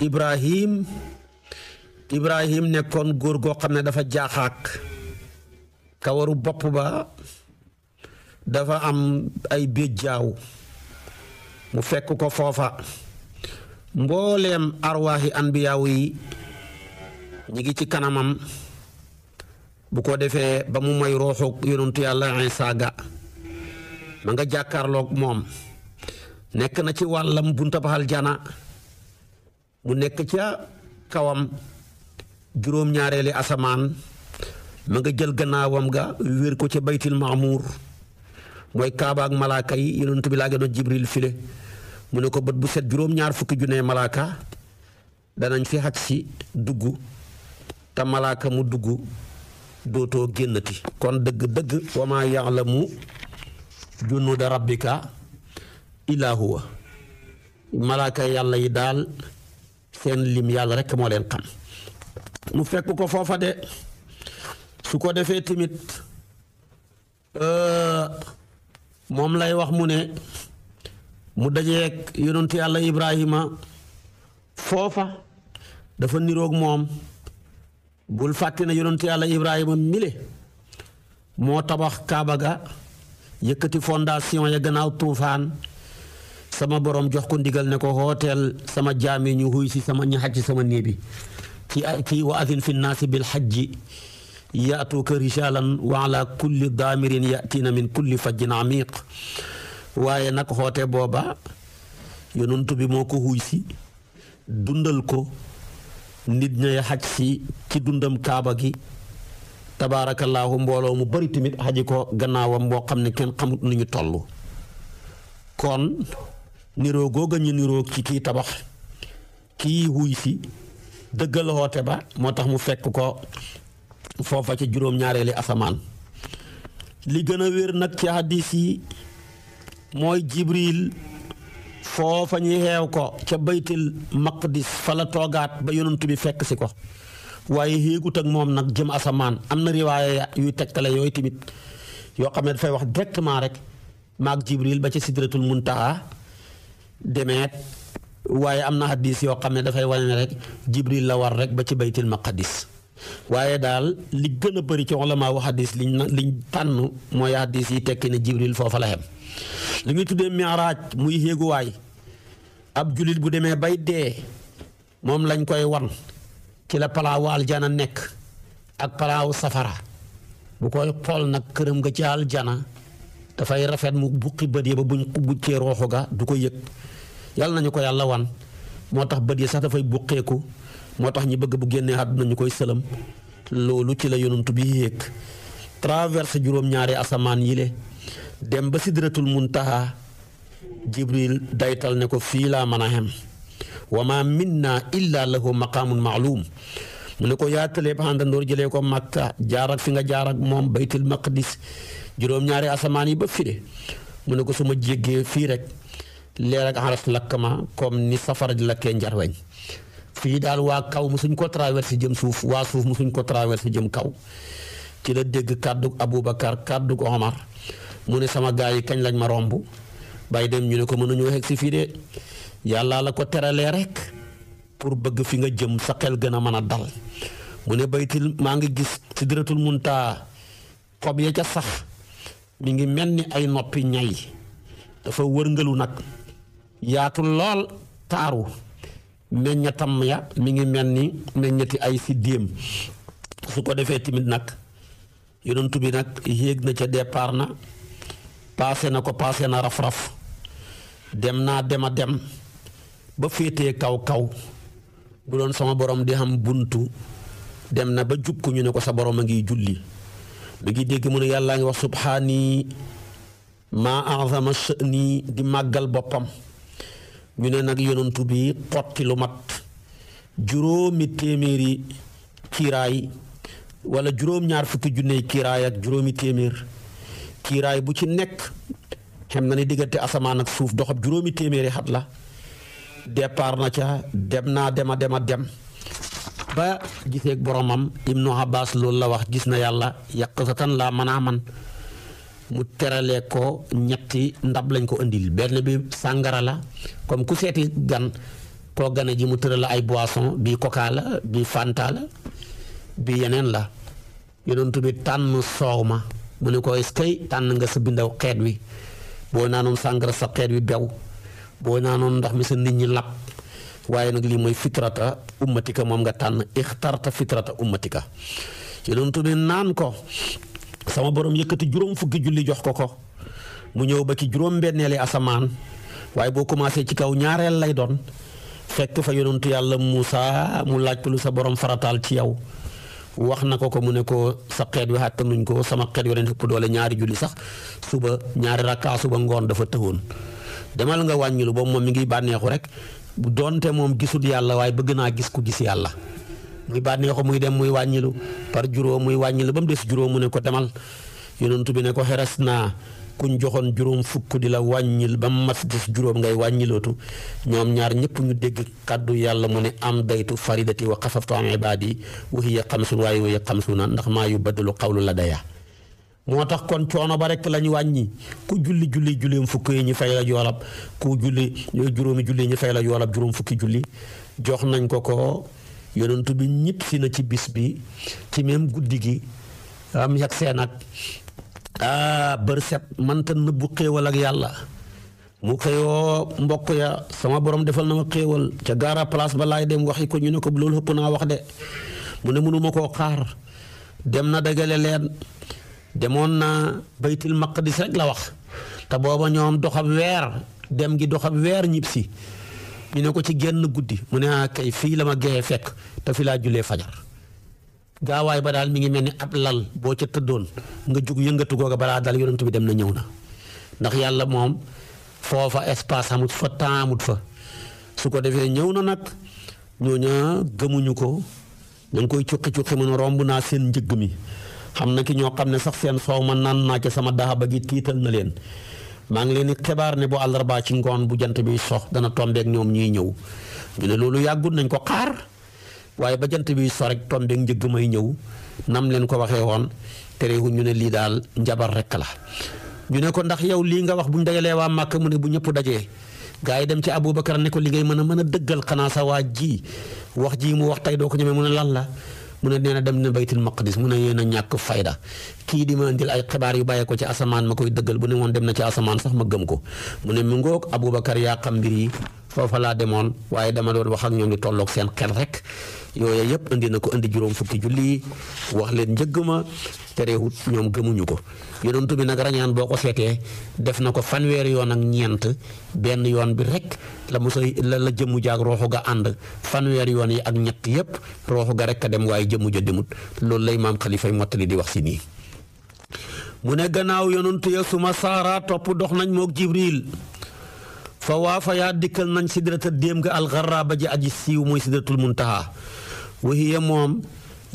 Ibrahim Ibrahim nekkoon góor goo xam ne dafa jaaxaak kawaru bopp ba dafa am ay béjjaaw mu fekk ko foofa mbooleem arwaaxi anbiyaaw yi ñi ngi ci kanamam bu ko defee ba mu may rooxu yonentu yàlla Isaa ga ma nga jàkkaarloog moom nekk na ci wàllam buntab aljana mu nekk ca kawam juróom-ñaareeli asamaan ma nga jël gannaawam ga wér ko ca baytil maamuur mooy Kaaba ak malaaka yi yonent bi laa gënoon Jibril file mu ne ko bët bu set juróom-ñaar fukki junne malaaka danañ fi xaj si dugg te malaaka mu dugg dootoo génnati kon dëgg-dëgg wa maa ya'lamu junuuda rabbika illaa malaaka yàlla yi daal seen lim yàlla rekk moo leen xam mu fekk ko foofa de su ko defee tamit euh, moom lay wax mu ne mu dajeek yonentu yàlla Ibrahima foofa dafa niroog moom bul fàtte ne yonentu yàlla Ibrahima mile moo tabax Kaaba ga yëkkati fondation ya gannaaw tuufaan sama borom jox ko ndigal ne ko hooteel sama jaami ñu xuy si sama ñi xaj sama néebi ci ci wa adin fi naasi bil yaatuuka rijaalan wa ala kulli daamirin yaatiina min kulli fajjin amiq waaye nag xoote booba yonent bi moo ko xuuy si dundal ko nit ñay xaj si ci dundam kaaba gi tabaarakallaahu mbooloo mu bari tamit xaji ko gannaawam moo xam ne kenn xamut nu ñu toll kon niroo googa ñu niroo ci kii tabax kii xuuy si dëggal xoote ba moo tax mu fekk ko foofa ca juróom-ñaareeli asamaan li gën a wér nag ci hadis yi mooy jibril foofa ñuy xeew ko ca baytil maqdis fa la toogaat ba yonent bi fekk si ko waaye xéegut ak moom nag jëm asamaan am na riwaaya yuy tegtale yooyu tamit yoo xam ne dafay wax directement rek maag jibril ba ci sidratul muntaha demeet waaye am na hadis yoo xam ne dafay wane rek jibril la war rek ba ci baytil maqdis waaye daal li gën a bëri ci ulama wax hadis liñ na liñ tànn mooy hadis yi tekki ne jibril foofu la xem li ñuy tuddee miraaj muy yéeguwaay ab jullit bu demee bay dee moom lañ koy wan ci la palaawu aljana nekk ak palaawu safara bu koy xool nag këram nga ci aljana dafay rafet mu buqi bët yi ba buñ buccee rooxu ga du ko yëg yàlla nañu ko yàlla wan moo tax bët yi sax dafay buqeeku moo tax ñi bëgg bu génnee àdduna ñu koy sëlam loolu ci la yonantu bi yéeg traverse juróom-ñaari asamaan yi le dem ba sidratul muntaha jibril daytal ne ko fii laa mën xem wa ma minna illa lahu maqaamun maalum mu ne ko yaatalee ba àndandoor jëlee ko Makka jaar ak fi nga jaar moom baytul maqdis juróom-ñaari asamaan yi ba fire mu ne ko suma jéggee fii rek leer ak aras lakk ma comme ni safara di lakkee njarweñ fii daal waa kaw musuñ ko traversé jëm suuf waa suuf mu musuñ ko traversé jëm kaw ci la dégg kàddug Aboubacar kàddug Omar mu ne sama gaa yi kañ lañ ma romb bay dem ñu ne ko mënuñu wax si fii de yàlla la ko teralee rek pour bëgg fi nga jëm sa xel gën a mën a dal mu ne baytil maa ngi gis sidratul muntaa xob ya ca sax mi ngi mel ni ay noppi ñay dafa wërngalu nag yaatul lool taaru meññatam ya mi ngi mel ni meññati ay siddéem su ko defee tamit nag yonent bi nag yéeg na ca départ na paase na ko paase na raf dem naa dem a dem ba féetee kaw kaw bu doon sama borom di xam buntu dem na ba jub ko ñu ne ko sa borom a ngi julli mu ngi dégg mu ne yàllaa ngi wax subhaani maa azama sha'ni di màggal boppam ñu ne nag yonantu bi xotti lu mat juróomi téeméeri kiiraay wala juróom-ñaar fukki junney kiiraay ak juróomi téeméer kiiraay bu ci nekk xam na ni diggante asamaan ak suuf doxab juróomi téeméeri xat la départ na ca dem naa dem a dem a dem ba giseeg boromam ibnu abbas loolu la wax gis na yàlla yàq sa tan laa mën a man mu teralee ko ñetti ndab lañ ko indil benn bi sàngara la comme ku seeti gan koo gane ji mu tëral ay boisson bi coca la bi fanta la bi yeneen la yonentu bi tànn soow ma mu ne ko est-ce tànn nga sa bindaw xeet wi boo naanoon sàngara sa xeet wi bew boo naanoon ndox mi sa nit ñi lab waaye nag lii mooy fitrata ummatika moom nga tànn ixtarta fitrata ummatika yonentu bi naan ko sama borom yëkkati juróom fukki julli jox ko ko mu ñëw ba ci juróom benneeli asamaan waaye boo commencé ci kaw ñaareel lay doon fekk fa yonentu yàlla Muusa mu laaj ko lu sa borom farataal ci yow wax na ko ko mu ne ko sa xeet wi àttanuñ ko sama xeet wi leen doole ñaari julli sax suba ñaari rakkaa ba ngoon dafa tëwoon demal nga wàññilu boobu moom mi ngi bànneexu rek donte moom gisul yàlla waaye bëgg naa gis ku gis yàlla muy baat neexu muy dem muy wàññilu par juróom muy wàññilu ba mu des juróom mu ne ko demal yonent bi ne ko xeres naa kuñ joxoon juróom fukk di la wàññi ba mu mat des juróom ngay wàññilootu ñoom ñaar ñëpp ñu dégg kàddu yàlla mu ne am daytu faridati wa xafaftu an ibaadi wa hiya xamsun waaye wa hiya xamsuna ndax maa yu baddalu xawlu la daya moo tax kon coono ba rek lañu wàññi ku julli julli julleem fukk yi ñu fay la yoolab ku julli juróomi julli ñu fay la yoolab juróom fukki julli jox nañ ko ko yonentu bi ñibb si na ci bis bi ci même guddi gi am yag see nag ah bër set manta nëbbu xéewal ak yàlla mu xëyoo mbokk ya sama boroom defal na ma xéewal ca gaara place ba laay dem waxi ko ñu ne ko loolu xëpp naa wax de mu ne mënuma koo xaar dem na dagale leen demoon naa baytil maqdis rek la wax te booba ñoom doxab weer dem gi doxab weer ñibb ñu ne ko ci genn guddi mu ne ah kay fii la ma géeyee fekk te fi laa jullee fajar gaawaay ba daal mi ngi mel ni ab lal boo ca tëddoon nga jóg yëngatu googa balaa dal yonent bi dem na ñëw na ndax yàlla moom foofa espace amut fa temps fa su ko defee ñëw na nag ñooña gëmuñu ko ña ngi koy cuqi cuqi man romb naa seen njëgg mi xam na ki ñoo xam ne sax seen soow ma naan naa ca sama daxa ba gi tiital na leen maa ngi leen di xibaar ne bu àllarba ci ngoon bu jant bi sox dana tombeek ñoom ñuy ñëw ñu ne loolu yàggut nañ ko xaar waaye ba jant bi so rek tombeek njëgg may ñëw nam leen ko waxee woon tereewu ñu ne lii daal njabar rek la ñu ne ko ndax yow lii nga wax bu ñu dajalee waa màkk mu ne bu ñëpp dajee gaa yi dem ci Aboubacar ne ko li ngay mën a mën a dëggal xanaa sa waa jii wax jii mu wax tey doo ko ñemee mu ne lan la mu ne nee na dem na baytul maqdis mu ne yéen a ñàkk fayda kii di ma indil ay xibaar yu bàyyee ko ci asamaan ma koy dëggal bu ne woon dem na ci asamaan sax ma gëm ko mu ne mu ngoog Aboubacar yaa xam mbir yi foofa laa demoon waaye dama doon wax ak ñoom li tolloog seen xel rek. yooya yëpp indi na ko indi juróom fukki julli wax leen njëgg ma terewut ñoom gëmuñu ko yonent bi nag rañaan boo ko seetee def na ko fanweer yoon ak ñeent benn yoon bi rek la mos la la jëmmu jaag rooxu yoon yi ak ñett yëpp rooxu ga rek a dem waaye jëmmu ja demut loolu lay maam xalifay mottali di wax si nii mu ne gannaaw yonent ya suma saara topp dox nañ moo jibril fa waafa yaa dikkal nañ sidrata déem ga alxaraba ji aji siiw mooy sidratul muntaha waxiya moom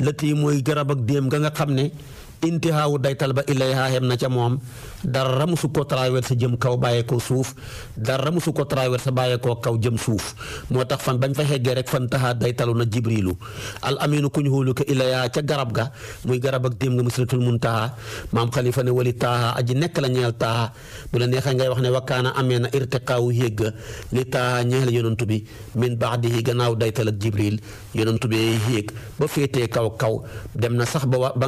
lëtt yi mooy garab ak déem ga nga xam ne intihaawu daytal ba ilayha hem na ca moom dara musu ko traversé jëm kaw bàyyeekoo suuf dara musu ko traversé bàyyeekoo kaw jëm suuf moo tax fan bañ fa xeggee rek fan taxaa daytalu na jibrilu al aminu kuñ xóolu ko ilayha ca garab ga muy garab ak déem nga musratul muntaha maam xalifa ne wali taaha aji nekk la ñeel taaha bu la neexee ngay wax ne wakkaana amee na irtiqaawu yégg li taaha ñeel yonantu bi min baadihi gannaaw daytal ak jibril yonantu bi yéeg ba féetee kaw kaw dem na sax ba ba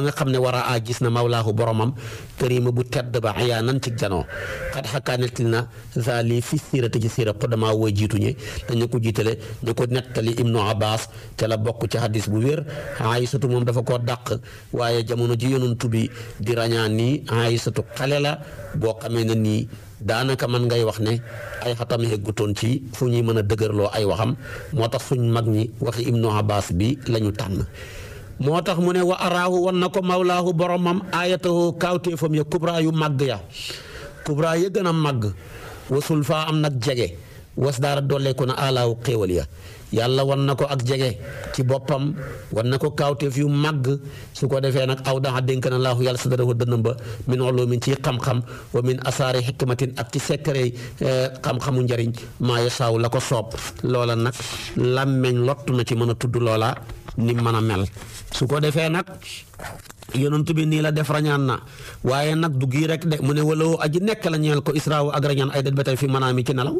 gis na mawlaahu boromam karima bu tedd ba ayaanan ci janoo xat xakkaa nettali na zaali fi siirata ci siira xudamaa wooy jiitu ñi dañu ko jiitale ñu ko nettali ibnu abbas te la bokk ci hadis bu wér aysatu moom dafa ko dàq waaye jamono ji yonantu bi di rañaan nii aysatu xale la boo xamee na nii daanaka man ngay wax ne ay xatam yeggutoon ci fu ñuy mën a dëgëraloo ay waxam moo tax suñ mag ñi waxi ibnu abbas bi lañu tànn moo tax mu ne wa araahu wan na ko mawlaahu boromam aayatahu kaawteefam ya kubraa yu màgg ya kubraa ya gën a màgg wasul faa am nag jege was daara dolleeku na alaawu xéewal ya yàlla wan na ko ak jege ci boppam wan na ko kaawteef yu màgg su ko defee nag aw dax dénk na laahu yàlla sadarahu dënnam ba min ulumin ci xam-xam wa min asaari xikmatin ak ci sekkare eh, xam-xamu njariñ maa yasaaw la ko soob loola nag làmmeñ lott na ci mën a tudd loola ni mën a mel su ko defee nag yonent bi nii la def rañaan na waaye nag du rek de mu ne wala aji nekk la ñeel ko israa ak rañaan ay det ba tey fi manaami ci nelaw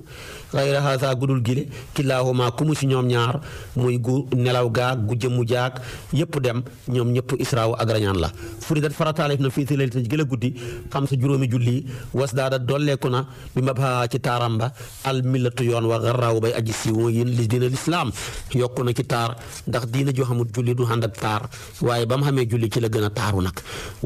xayra haasa gudul gile kilaahuma ku mu si ñoom ñaar muy gu nelaw gaag gu jëmmu jaag yëpp dem ñoom ñëpp israa ak rañaan la furidat farataalif na fii si layta gëla guddi xam sa juróomi julli was daada dolleeku na bi mabha ci taaramba al millatu yoon wa garraawu bay aji siiw yin li diina lislaam yokku na ci taar ndax diina ju xamul julli du ànd ak taar waaye ba xamee julli ci la gën a taaru nag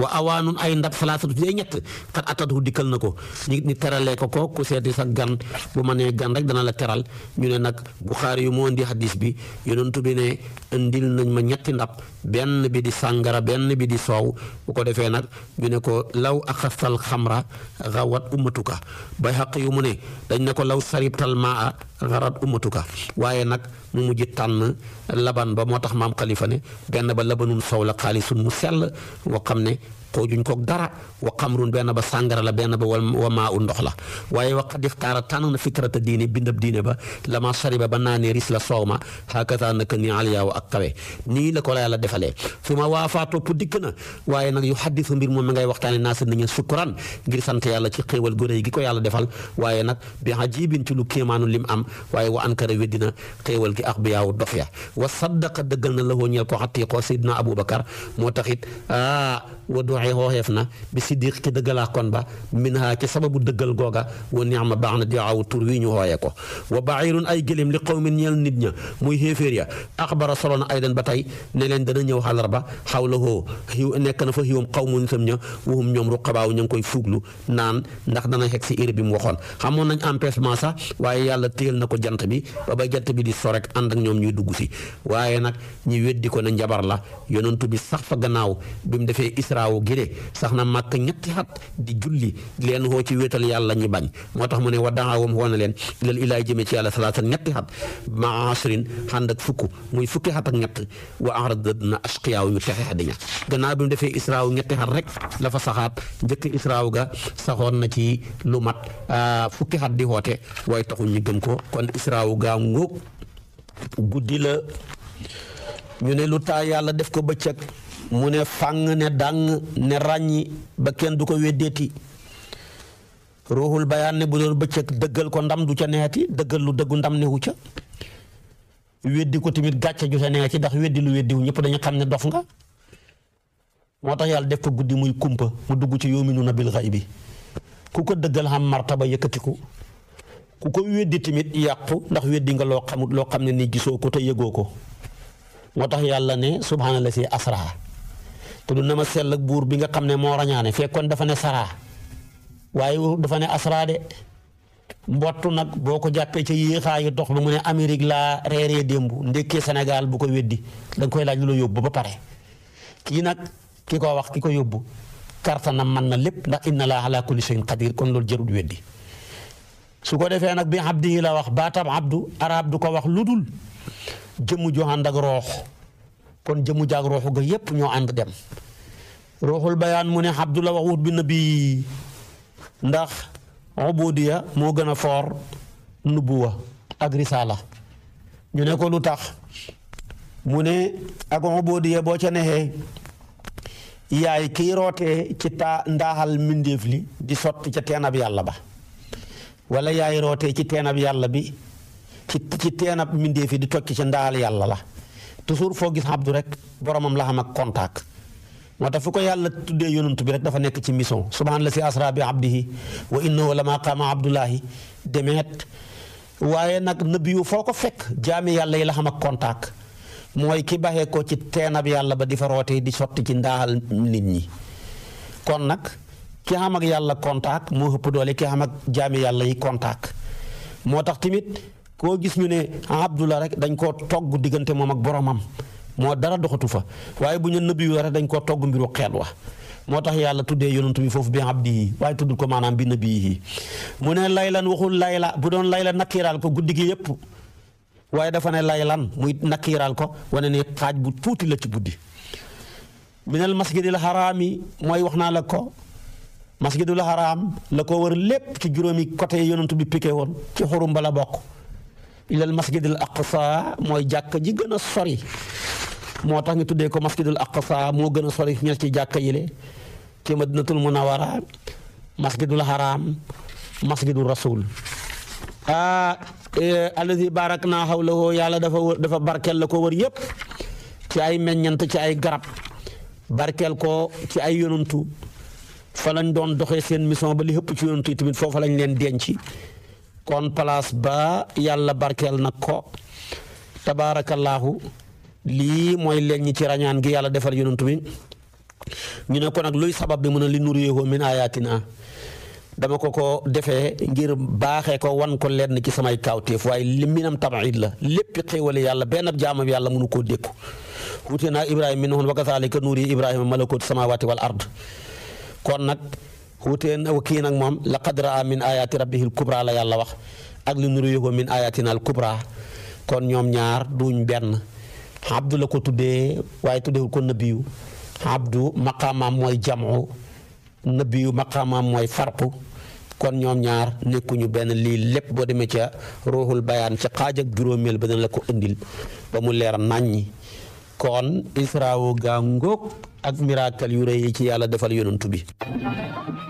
wa awaanun ay ndab salaasatu day ñett kat atatu dikkal na ko ñi ni teralee ko ko ku seeti sa gan bu ma nee gan rek dana la teral ñu ne nag Buxaari yu moo indi hadis bi yonentu bi ne indil nañ ma ñetti ndab benn bi di sàngara benn bi di soow bu ko defee nag ñu ne ko law axastal xamra xawat ummatuka bay xaq yu mu ne dañ ne ko law saribtal maa xarat ummatuka waaye nag mu mujj tànn laban ba moo tax maam xalifa ne benn ba labanul sow la xaalisun mu sell woo ne xoojuñ koog dara wa xamrun benn ba sàngara la benn ba wa maa u ndox la waaye wa qad ixtaara tànn na fitrata diine bindab diine ba lama sariba ba naanee ris la soow ma hakata naka ni aliya wa ak kawe nii la ko la yàlla defalee su ma waafaa topp dikk na waaye nag yu xaddisu mbir moom mi ngay waxtaane naa sa nit ñi sukkuran ngir sant yàlla ci xéewal gu rëy gi ko yàlla defal waaye nag bi ajibin ci lu kéemaanu lim am waaye axbiyaaw dof ya wa saddaqa dëggal na la ñeel ko xatiiqoo Seydina Aboubacar moo tax it ah wa doxee xooxeef na bi siddiq ci dëggalaa kon ba min ha ci sababu dëggal googa wa neex ma baax na diaaw tur wi ñu xooyee ko wa bairun ay gëléem li qawmin ñeel nit ña muy xéeféer ya na aydan ba tey ne leen dana ñëw xalarba xawlahoo xiw nekk na fa xiwam xawmu nitam ña wuhum ñoom ruqabaaw ña ngi koy fuuglu naan ndax dana xeg si iri bi mu waxoon xamoon nañ empêchement sax waaye yàlla téel na ko jant bi ba bay jant bi di so ànd ak ñoom ñuy dugg si waaye nag ñi weddi ko ne njabar la yonentu bi sax fa gannaaw bi mu defee israawu gile sax na màkk ñetti xat di julli leen xoo ci wetal yàlla ñi bañ moo tax mu ne wa daawam xoo na leen lal ilaay jëmee ci yàlla salaata ñetti xat ma asrin ànd ak fukk muy fukki xat ak ñett wa aradna ashqiyaaw yu texe di ña gannaaw bi mu defee israawu ñetti xat rek la fa saxaat njëkk israaw ga saxoon na ci lu mat ah, fukki xat di xoote waaye taxul ñu gëm ko kon israawu guddi la ñu ne lu taa yàlla def ko bëccëg mu ne fàng ne dàng ne ràññi ba kenn du ko weddeeti ruuxul bayaan ne bu doon bëccëg dëggal ko ndam du ca neexati dëggal lu dëggu ndam newu ca weddi ko tamit gàcce ju ca neexati ndax weddi lu weddiwu ñëpp dañu xam ne dof nga moo tax yàlla def ko guddi muy kumpa mu dugg ci yominu na bil xay bi ku ko dëggal xam yëkkati ko ku ko weddi tamit yàqu ndax weddi nga loo xamut loo xam ne ni gisoo ko te yëgoo ko moo tax yàlla ne subhaana la si asraa tudd na ma sell ak buur bi nga xam ne moo rañaane kon dafa ne saraa waaye dafa ne asraa de mbottu nag boo ko jàppee ca yéexaayu dox lu mu ne Amérique laa reeree démb ndekkee senegal bu ko weddi danga koy laaj lu la yóbbu ba pare kii nag ki ko wax ki ko yóbbu karta na man na lépp ndax na laa ala kulli shay'in kon loolu jarul weddi su ko defee nag bi abdihi la wax baatam abdu arab du ko wax lu dul ju ànd ak roox kon jëmu jaag rooxu ga yépp ñoo ànd dem rooxul bayaan mu ne abdu la waxut bi nabi ndax ubudiya moo gën a foor nubuwa ak risaala ñu ne ko lu tax mu ne ak ubudiya boo ca nexee yaay kii rootee ci taa ndaaxal mbindéef li di sotti ca teenab yàlla ba wala yaay rootee ci teenab yàlla bi ci ci teenab mbindéef fii di tokki ci ndaal yàlla la toujours foo gis Abdou rek boromam la xam ak contact moo tax ko yàlla tuddee yonent bi rek dafa nekk ci mission subhaana la si asra bi abdihi wa innahu lama qaama waaye nag nëbbi foo ko fekk jaami yàlla yi la xam ak contact mooy ki baxee ko ci teenab yàlla ba di fa rootee di sotti ci ndaal nit ñi kon nag ki xam ak yàlla contact moo ëpp doole ki xam ak jaami yàlla yi contact moo tax tamit koo gis ñu ne abdullah rek dañ koo togg diggante moom ak boromam moo dara doxatu fa waaye bu ñu nëbbiwu rek dañ koo togg mbiru xeet wa moo tax yàlla tuddee yonantu bi foofu bi abdi yi waaye tuddul ko maanaam bi nabi yi mu ne laylan waxul layla bu doon layla nakkiiraal ko guddi gi yëpp waaye dafa ne laylan muy nakkiiraal ko wane ni xaaj bu tuuti la ci guddi minal mooy wax naa la ko masjidul haram la ko wër lépp ci juróomi côté yonantu bi piqué woon ci xurum bala bokk ilal masjidul aqsa mooy jàkk ji gën a sori moo tax nga tuddee ko masjidul aqsa moo gën a sori ñel ci jàkk yile ci madinatul munawara masjidul haram masjidul rasul ah e, alladi barak naa xaw la woo yàlla dafa wër dafa barkeel la ko wër yépp ci ay meññant ci ay garab barkeel ko ci ay yonantu fa lañ doon doxee seen mission ba li ëpp ci yonent tamit foofa lañ leen denc kon place ba yàlla barkeel nag ko tabaarakallaahu lii mooy leen ñi ci rañaan gi yàlla defal yonent bi ñu ne ko nag luy sabab bi mën a li nuriyeehu min ayatina dama ko ko defee ngir baaxee ko wan ko lenn ci samay kaawteef waaye li minam tabaid la lépp xéewale yàlla benn jaamam yàlla mënu koo dékku wute naa Ibrahima min woon wa kazalika nuuri Ibrahima malakoot samawati wal ard kon nag wuteen kii nag moom laqad raa min ayaati rabbihil kubra la yàlla wax ak li nuriyuhu min ayatina al kubra kon ñoom ñaar duñ benn abdu la ko tuddee waaye tuddewul ko nabiyu abdu maqaamaam mooy jamu nabiyu maqaamaam mooy farqu kon ñoom ñaar nekkuñu benn lii lépp boo demee ca ruuxul bayaan ca xaaj ak juróomeel ba dana la ko indil ba mu leer naññi kon israawu gaa ngóog ak miraakal yu rëy yi ci yàlla defal yonantu bi